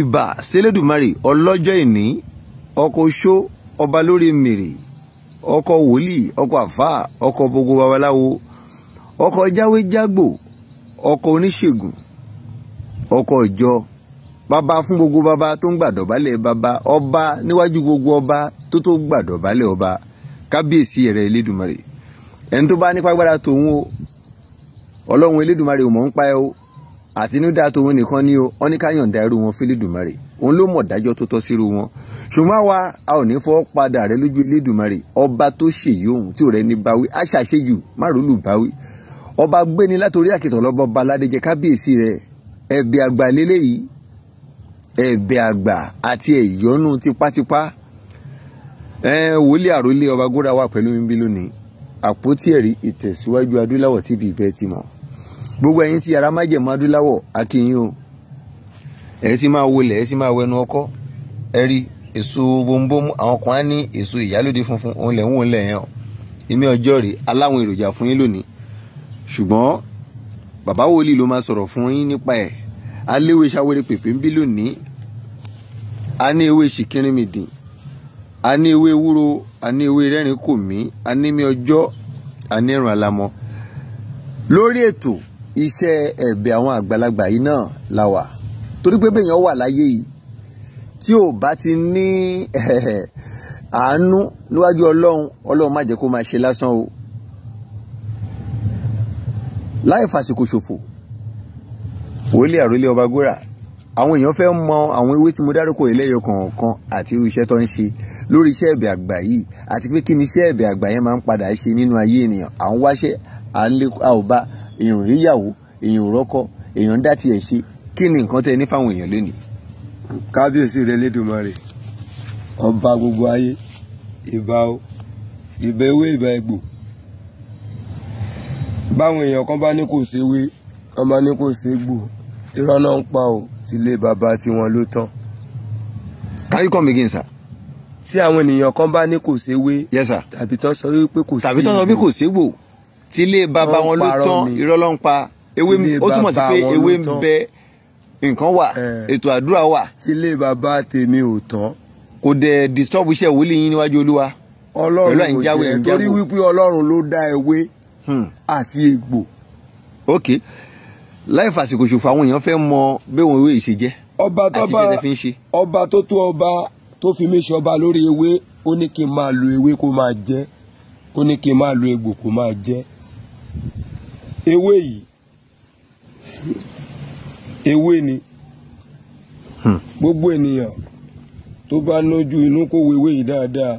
ìbà sẹlẹdùmarè ọlọ́jọ́ ìní ọkọ oṣó ọba lórí mèrè ọkọ wòlíì ọkọ àfà ọkọ gbogbo babaláwo ọkọ jáwéjágbò ọkọ oníṣègùn ọkọ ìjọ bàbá fún gbogbo bàbá tó ń gbàdọ̀bálẹ̀ bàbá ọba níwájú gbogbo ọba tó tó gbàdọ̀bálẹ̀ ọba kábíyèsí rẹ̀ elédùmarè ẹni tó bá nípa agbára tòun o ọlọ́run elédùmarè ò mọ̀ ń pa ẹ́ o àtinúdá tòun nìkan ni o wọn ní ká yọ̀ǹda irú wọn fẹ́lẹ́dùmarè òun ló mọ̀ dájọ́ tó tọ́ sírú wọn ṣùgbọ́n wa a ò ní fọwọ́ padà rẹ lójú Elédùmarè ọba tó ṣèyí òun tí ò rẹ ní báwí aṣàṣejù márùlù báwí ọba gbéni látòrí àkìtàn lọ́bọ̀ baládéjẹ kábíyèsí rẹ ẹ̀bẹ̀ àgbà lélẹ́yìí ẹ̀bẹ̀ àgbà àti ẹ̀yọ́nú tipátipá wòlíì àròlé ọba Gúndáwà gbogbo ẹ̀yin tí yàrá májẹ̀mú adúláwọ̀ akínyìn o ẹ ti máa wọlé ẹ ti máa wẹnu ọkọ ẹ rí èso bombomu àwọn kan á ní èso ìyálòde funfun òun lẹ̀ ń wò lẹ̀ yẹn o èmi ọjọ́ rè aláwọn èròjà fún yín lónìí ṣùgbọ́n bàbá wòlíì ló máa sọ̀rọ̀ fún yín nípa ẹ̀ aléwé sáwéré pèpè ń bí lónìí a ní ewé ṣìkìrìmìdìn a ní ewé ewúro a ní ewé rẹ́rìn-ín kò mí a ní mi ọjọ́ a ní ìrùn àlámọ́ lórí ètò iṣẹ́ ẹ̀bẹ̀ àwọn àgbàlagbà yìí náà la wà torí pé bẹ́yàn wà láyé yìí tí ò bá ti ní àánú níwájú ọlọ́run ọlọ́run má jẹ́ kó máa ṣe lásán o láì fàsìkò ṣòfò wòlíì àròlé ọba gbóra àwọn èèyàn fẹ́ mọ àwọn ewé tí mo dárúkọ ẹlẹ́yọ kọ̀ọ̀kan àti irú iṣẹ́ tó ń ṣe lórí iṣẹ́ ẹ̀bẹ̀ àgbà yìí àti pé kí ni iṣẹ́ ẹ̀bẹ̀ àgbà yẹn máa ń padà ṣe nínú ayé ènìyàn à ń wáṣẹ́ à ń lé a èèyàn ríyàwó èèyàn ò èèyàn dá tiẹ̀ ṣe kí ni nǹkan tẹ ní fáwọn èèyàn lónìí. kábíyèsí rẹ lédùmarè ọba gbogbo ayé ìbà o ìbà egbò báwọn èèyàn kan bá ní kò séwé kan bá ní kò ségbò irọ́ náà ń pa ò tilé bàbá tiwọn ló tán. Can you come again sir? tí àwọn ènìyàn kan bá ní kò séwé. yes sir. tàbí tán sọ wípé kò ségbò. tàbí tán sọ wípé kò ségbò tí ilé bàbá wọn ló tán irọ́ ló ń pa ewé ó túmọ̀ sí pé ewé ń bẹ nǹkan wà eh. ètò àdúrà wà. tí ilé bàbá tèmi ò tán. kò dẹ̀ disturb iṣẹ́ ìwúlì yín níwájú olúwa. ọlọ́run kò jẹ́ torí wípé ọlọ́run ló dá ewé hmm. àti egbò. ok láì fàsìkò ṣòfò àwọn èèyàn fẹ́ mọ bẹ́ẹ̀ wọn ìwé ìṣe jẹ́ àti iṣẹ́ fi ń ṣe. ọba tó tó ọba tó fi mí ṣọba lórí ewé ó ní kí n máa lo ewé kó máa jẹ ó ní kí n máa lo egbò kó máa jẹ ewé yìí ewé ni hmm. gbogbo ènìyàn tó bá lójú inú kó wo ewé yìí dáadáa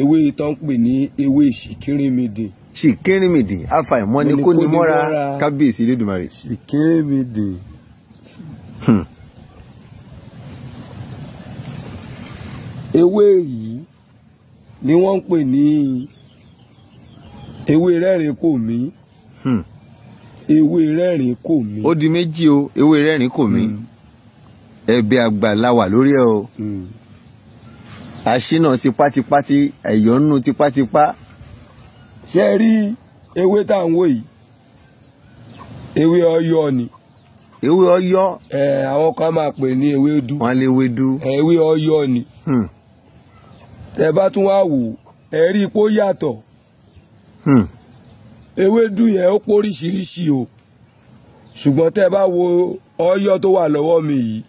ewé yìí tó ń pè ní ewé ṣìkírìmìdè. ṣìkírìmìdè àfàìmọ̀ ni kò ní mọ́ra kábíyèsí Elédùmarè. ṣìkírìmìdè. Hmm. ewé yìí ni wọ́n ń pè ní ewé rẹ́rìn kò mí hmm. ewé rẹ́rìn kò mí. ó di méjì o ewé rẹ́rìn kò mí hmm. ẹ̀bẹ̀ àgbà la wà lórí ẹ o àṣínà hmm. tipátipá ti ẹ̀yọ́nú tipátipá. ṣé ẹ rí ewé tá à ń wò yìí ewé ọ̀yọ̀ ni ewé ọ̀yọ̀. ẹ àwọn kan máa pè ní ewédú. wọn lé ewédú. ewé ọ̀yọ̀ ni. tẹ bá tún wá wò ẹ rí i pé ó yàtọ̀. Hmm. ewédú yẹn ó pọ̀ oríṣiríṣi o ṣùgbọ́n tẹ́ ẹ bá wo ọyọ́ tó wà lọ́wọ́ mi yìí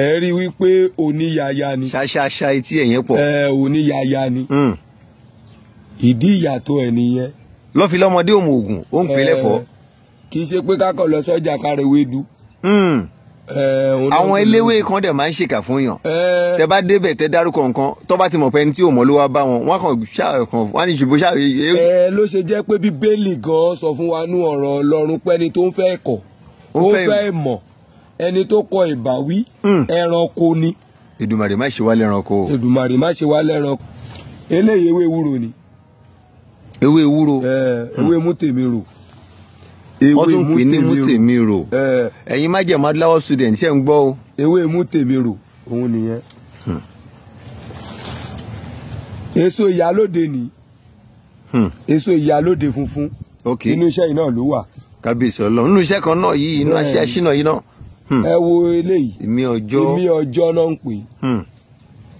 ẹ rí wípé oníyaya ni. ṣaṣaṣa etí ẹ̀yẹn pọ̀. ẹ oníyaya ni. Hmm. ìdí ìyàtọ̀ ẹ̀ nìyẹn. lọ́fi lọ́mọdé òmùgùn ó ń pè lẹ́fọ̀ọ́. kì í ṣe pé kákọ̀ lọ sọ́jà kárẹ̀wédú. Hmm àwọn eléwé kan dẹ̀ máa ń ṣèkà fún yàn tẹ bá débẹ̀ tẹ dárúkọ nǹkan tó bá ti mọ̀ pé ẹni tí ò mọ̀ ló wá bá wọn wọn kàn ṣàkàn wọn ní ìṣubú ṣàkàn. ẹ ló ṣe jẹ́ pé bíbélì gan sọ fún wa nú ọ̀rọ̀ ọlọ́run pẹ́ni tó ń fẹ́ ẹ̀kọ́ ó fẹ́ ìmọ̀ ẹni tó kọ ìbáwí hmm. ẹranko ni. Èdùmàrè má ṣe wá lẹ́ranko. Èdùmàrè má ṣe wá lẹ́ranko eléyìí ewé ewúro ni. ewé ewúro. ewé mú tèmi rò ewé mú tèmi rò wọ́n tún pè ní mú tèmi rò ẹ̀yin májèmọ́ adúláwọ̀ student ṣe ń gbọ́ o. ewé mú tèmi rò òun nìyẹn. Hmm. èso ìyálóde ni hmm. èso ìyálóde funfun inú iṣẹ́ yìí náà ló wà. kábíyèsí ọlọ́run inú iṣẹ́ kan náà yìí inú iṣẹ́ ṣínà yìí náà. Hmm. ẹ wo eléyìí èmi ọjọ́ èmi ọjọ́ náà ń pè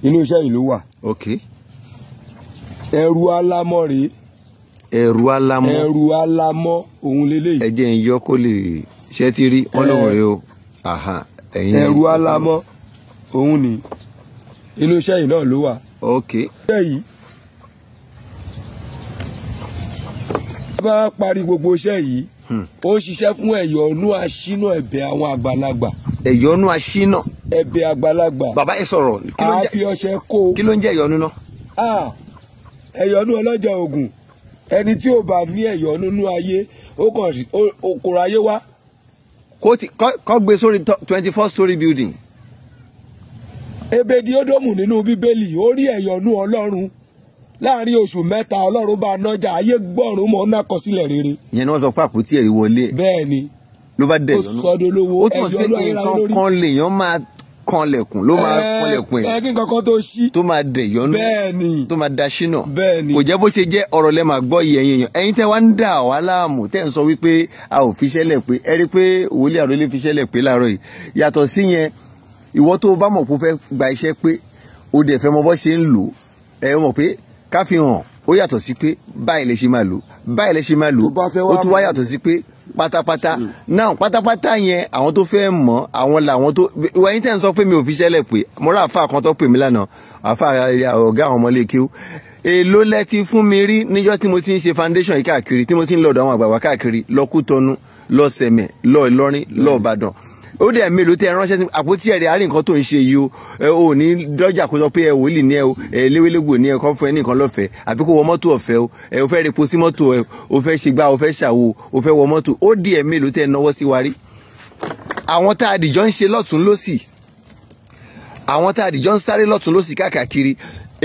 inú iṣẹ́ yìí ló wà. ẹrù alámọ̀ ẹrù alamọ ẹrù alamọ òun lélẹyìí ẹ jẹ́ ń yọ kó lè ṣẹ́ ti rí wọ́n lòun rè o ẹrù alamọ òun ni inú iṣẹ́ yìí náà ló wà. ok. iṣẹ́ yìí bá parí gbogbo iṣẹ́ yìí hmm. ó ṣiṣẹ́ fún ẹ̀yọ́nú aṣínà ẹ̀bẹ̀ àwọn àgbàlagbà. ẹ̀yọ́nú aṣínà. ẹ̀bẹ̀ àgbàlagbà. bàbá ẹ sọ̀rọ̀ kí ló ń jẹ́ ọṣẹ kó. kí ló ń jẹ́ ẹ̀yọ́nú náà. Ah, ẹ̀yọ́nú ọlọ́jà ògùn ẹni tí ò bá ní ẹ̀yọ́ nínú ayé ó kàn okòrò ayé wá. kọ́ gbé sórí twenty four story building. Ebediodomu nínú bíbélì ó rí ẹ̀yọ́nú ọlọ́run láàrin oṣù mẹ́ta ọlọ́run bá nọjà ayé gbọ́rùn mọ́ ná kọsílẹ̀ rere. ìyẹn ni wọ́n sọ pé àpótí ẹ̀rí wọlé. bẹ́ẹ̀ ni ló bá dẹ̀ yọnu ó túmọ̀ sí pé nǹkan kan lèèyàn máa kanlẹ̀kùn ló máa eh, kanlẹ̀kùn ẹ̀. ẹ eh, kí nǹkan kan tó ṣí. tó máa dẹ̀ yọnu bẹ́ẹ̀ni tó máa da ṣínà. bẹ́ẹ̀ni kò jẹ́ bó ṣe jẹ́ ọ̀rọ̀ lẹ́ máa gbọ́ yìí ẹ̀yin èèyàn ẹ̀yin tẹ́ wá ń dà wá láàmú tẹ́ ń sọ wípé a ò fi ṣẹlẹ̀ pé ẹ rí i pé wòlíì àròlé fi ṣẹlẹ̀ pé láàárọ̀ yìí yàtọ̀ sí yẹn ìwọ tó bá mọ̀ kó fẹ́ gba iṣẹ́ pé o pátápátá náà pátápátá yẹn àwọn tó fẹ́ mọ̀ àwọn làwọn tó wọ́n yín tẹ̀ ń sọ pé mi ò fi ṣẹlẹ̀ pé mo rà àfa kan tó pè mí lánàá àfa ọ̀gá àwọn ọmọ ilé kéwú èló lẹ ti fún mi rí níjọ́ tí mo ti ń ṣe foundation yìí káàkiri tí mo ti ń lọ́dọ̀ àwọn àgbààgbà káàkiri lọ́kútọ́nu lọ́sẹ̀mẹ̀ lọ́ọ̀lọ́rin lọ́ọ̀bàdàn ó dẹ̀ mélòó tẹ ránṣẹ́ sí àpótí ẹ̀rẹ̀ àárín nǹkan tó ń ṣe yìí o ẹ ò ní dọ́jà kó sọ pé ẹ wòlíì ní ẹ o ẹ léwélégbò ní ẹ kọ́ fún ẹ nìkan lọ́fẹ̀ẹ́ àbí kó wọ mọ́tò ọ̀fẹ́ o ẹ o fẹ́ repo sí mọ́tò ẹ o fẹ́ ṣe gbá o fẹ́ ṣàwo o fẹ́ wọ mọ́tò ó dẹ̀ mélòó tẹ náwó sí wa rí. àwọn tá a dìjọ́ ń ṣe lọ́tún lọ́sì àwọn tá a dìjọ́ ń sáré lọ́tún lọ́sì káàkiri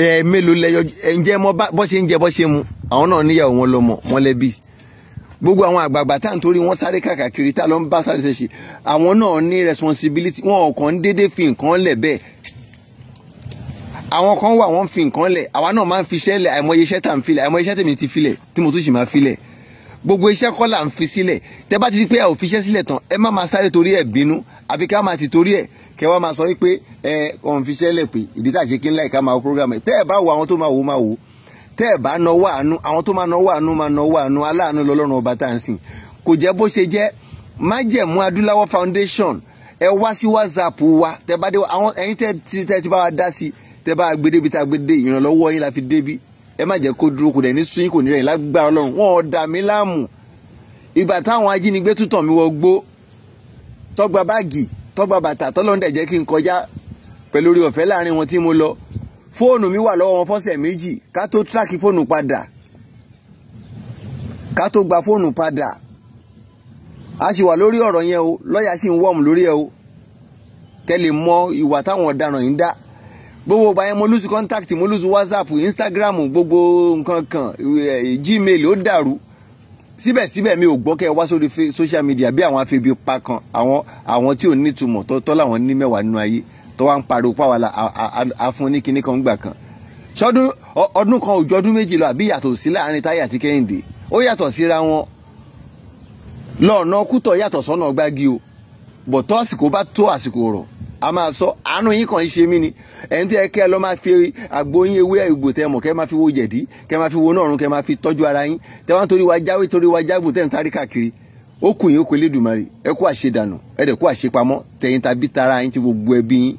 ẹ mélòó lẹ́yọ ẹ ń jẹ́ mọ́ bọ́ ṣe ń jẹ bọ́ ṣe mu àwọn náà níyàwó wọn lọ́mọ wọn lẹ́bí gbogbo àwọn àgbààgbà tá à ń torí wọn sáré kàkàkiri tá ló ń bá sáré ṣèṣì àwọn náà ní responsibility wọn ò kàn ń dédé fi nǹkan lẹ̀ bẹ́ẹ̀ àwọn kan wà wọ́n fi nǹkan lẹ̀ àwa náà máa ń fi iṣẹ́ lẹ̀ àìmọye iṣẹ́ tá à ń filẹ̀ àìmọye iṣẹ́ tèmi ti filẹ̀ tí mo tún sì máa filẹ̀ gbogbo iṣẹ́ kọ́ là ń fi sílẹ̀ tẹ bá ti di pé ẹ ò fi iṣẹ́ sílẹ̀ tán ẹ má máa sáré torí ẹ̀ bínú àbí ká máa ti torí ẹ̀ kẹ wá máa sọ wípé ẹ ọ̀n fi iṣẹ́ lẹ̀ pé ìdí tá à ṣe kí ńlá ìka máa wọ tẹ́ ẹ̀ bá nawọ́ àánú àwọn tó máa nawọ́ àánú máa nawọ́ àánú aláàánú lọ́lọ́run ọba tá à ń sìn kò jẹ́ bó ṣe jẹ́ májẹ̀mú adúláwọ̀ foundation ẹ wá sí whatsapp wa tẹ́ bá dé àwọn ẹ̀yin tẹ́ tẹ́ ti bá wa dá sí tẹ́ bá gbé débi tá a gbé dé ìrànlọ́wọ́ yín la fi débi ẹ má jẹ́ kó dúró kò dẹ̀ ní sún yín kò ní rẹ̀ lágbára ọlọ́run wọn ò dà mí láàmú ìgbà táwọn ajínigbé tún tàn wọ gbó tọ́gba báàgì tọ́gba bàtà tọ́lọ́ndẹ̀ jẹ́ kí n kọjá pẹ̀lú orí ọ̀fẹ́ láàrin wọn tí mo lọ fóònù mi wà lọ́wọ́ wọn fọ́sẹ̀ méjì ká tó tíráàkì fóònù padà ká tó gba fóònù padà a sì wà lórí ọ̀rọ̀ yẹn o lọ́ọ̀yà sì ń wọ́ọ̀mù lórí ẹ o kẹ́ lè mọ ìwà táwọn ọ̀daràn yìí ń dá gbogbo báyẹn mo lose contact mo lose whatsapp instagram gbogbo nǹkan kan gmail ó dàrú síbẹ̀síbẹ̀ mi ò gbọ́ kẹ́ ẹ wá sórí social media bí àwọn afẹ́bi pa kan àwọn àwọn tí ò nítumọ̀ tọ́tọ́ làwọn ní mẹ́wàá nínú ayé tó wá ń pariwo pàwọ́ la kinní kan gbà kan ṣọdún ọdún kan òjò ọdún méjì lọ àbí yàtọ̀ sí láàrin Táyé àti Kẹ́hìndé ó yàtọ̀ síra wọn lọ́ọ̀nà kútọ̀ yàtọ̀ sọ́nà gbági o bọ̀ tó àsìkò bá tó àsìkò rọ̀ a máa sọ àánú yín kàn ṣe mí ni ẹni tí ẹ kẹ́ ẹ lọ́ máa fi agbóyin ewé ìgbò tẹ́ mọ̀ kẹ́ ẹ máa fi wo jẹ̀dí kẹ́ ẹ máa fi wo náà run kẹ́ ẹ máa fi tọ́jú ara yín tẹ́ wọ́n torí wa jáwé torí wa jágbó tẹ́ ń tarí káàkiri ó kù yín ó kù Elédùmarè ẹ kú àṣedànù ẹ dẹ̀ kú àṣepamọ́ tẹ̀yìn tàbí tara yín ti gbogbo ẹbí yín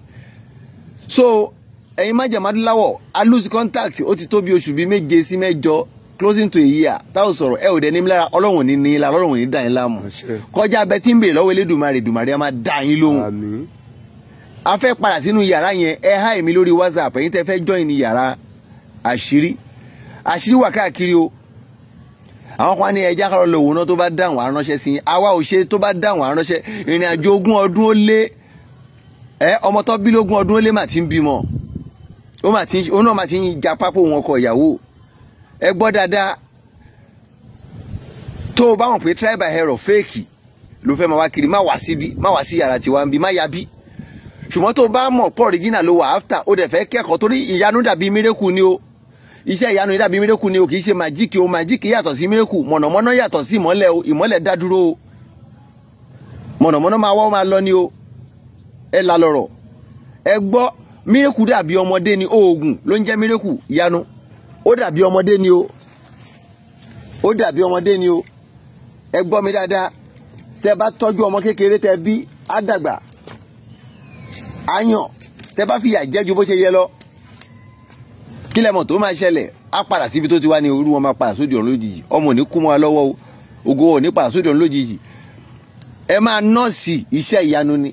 so ẹ̀yin májàmádúláwọ̀ a lose contact ó ti tó bí oṣù bíi méje sí mẹ́jọ closing to a year táwọn sọ̀rọ̀ ẹ ò dẹ̀ ní lára ọlọ́run ní ní lára ọlọ́run ní dà yín láàmú kọjá abẹ tí ń bèrè lọ́wọ́ elédùnmarè dùnmarè á máa dà yín lóhùn a fẹ́ padà sínú yàrá yẹn ẹ há èmi lórí whatsapp ẹ̀yin tẹ́ fẹ́ join ní yàrá àṣírí àṣírí wà káàkiri o àwọn kan ní ẹja kọ́ lọ́wọ́ náà tó bá dáhùn àránṣẹ́ sí i àwa ò ṣe tó bá dáhùn àránṣẹ́ ìrìn àjò ogún ọdún ó lé ẹ ọmọ tó bí lógún ọdún ó lé mà ti ń bímọ ó mà ti ó náà mà ti ń ja pápó wọn kọ ìyàwó ẹ gbọ́ dáadáa tó o bá wọn pé tribal hero fake ló fẹ́ máa wá kiri má wá síbi má wá sí yàrá tiwa ń bi má ya bí ṣùgbọ́n tó o bá mọ̀ pọ̀ original ló wà after ó dẹ̀ fẹ́ kẹ́kọ̀ọ́ torí ìyanu dàbí miracle ni o iṣẹ́ ìyanu dàbí miracle ni o kì í ṣe màjíkì o màjíkì yàtọ̀ sí miracle mọ̀nàmọ́ná yàtọ̀ sí ìmọ́lẹ̀ o ìmọ́lẹ̀ dá o mọ̀nàmọ́ná máa wá máa lọ ni o ẹ la lọ̀rọ̀ ẹ gbọ́ mírèkù dàbí ọmọdé ni oògùn ló ń jẹ́ mírèkù yanu ó dàbí ọmọdé ni o ó dàbí ọmọdé ni o ẹ gbọ́ mi dáadáa tẹ bá tọ́jú ọmọ kékeré tẹ bí á dàgbà á yàn tẹ bá fìyà jẹ ju bó ṣe yẹ lọ kí lẹ́mọ̀ tó máa ṣẹlẹ̀ á padà síbi tó ti wá ní orú wọn máa padà sódì ọ̀run lójijì ọmọ ò kú mọ́ wa lọ́wọ́ o ògo ò padà sódì ọ̀run lójijì ẹ máa nọ́ọ̀sì iṣẹ́ ìyanu ni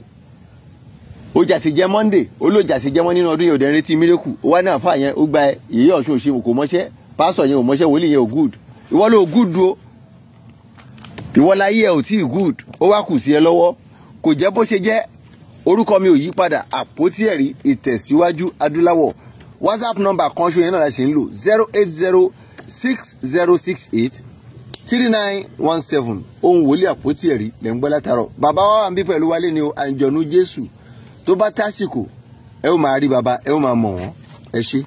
ó jàsí jẹ monday ó ló jàsí jẹ mọ nínú ọdún yẹn ò dẹ̀ retí mírèkù ó wá náà fà yẹn ó gba yèyé ọ̀ṣun òṣè kò mọ́ṣẹ́ pásọ̀ yẹn ò mọ́ṣẹ́ wòlíì yẹn ò good ìwọ ló good o ìwọ láyé ẹ ò tí ì good ó wá kù sí ẹ lọ́wọ́ kò jẹ́ bó ṣe jẹ́ orúkọ mi ò yí padà àpótí ẹ̀rí ìtẹ̀síwájú adúláwọ̀ whatsapp number kan ṣo yẹn náà la ṣe ń lò zero eight zero six zero six eight three nine one seven ohun wòlíì àpótí ẹ̀rí lẹ́ ń gbọ́ bàbá wa wà ń bí pẹ̀lú wálé ni o àǹjọ̀nú jésù tó bá tásìkò ẹ ó máa rí baba ẹ ó máa mọ̀ wọ́n ẹ ṣé.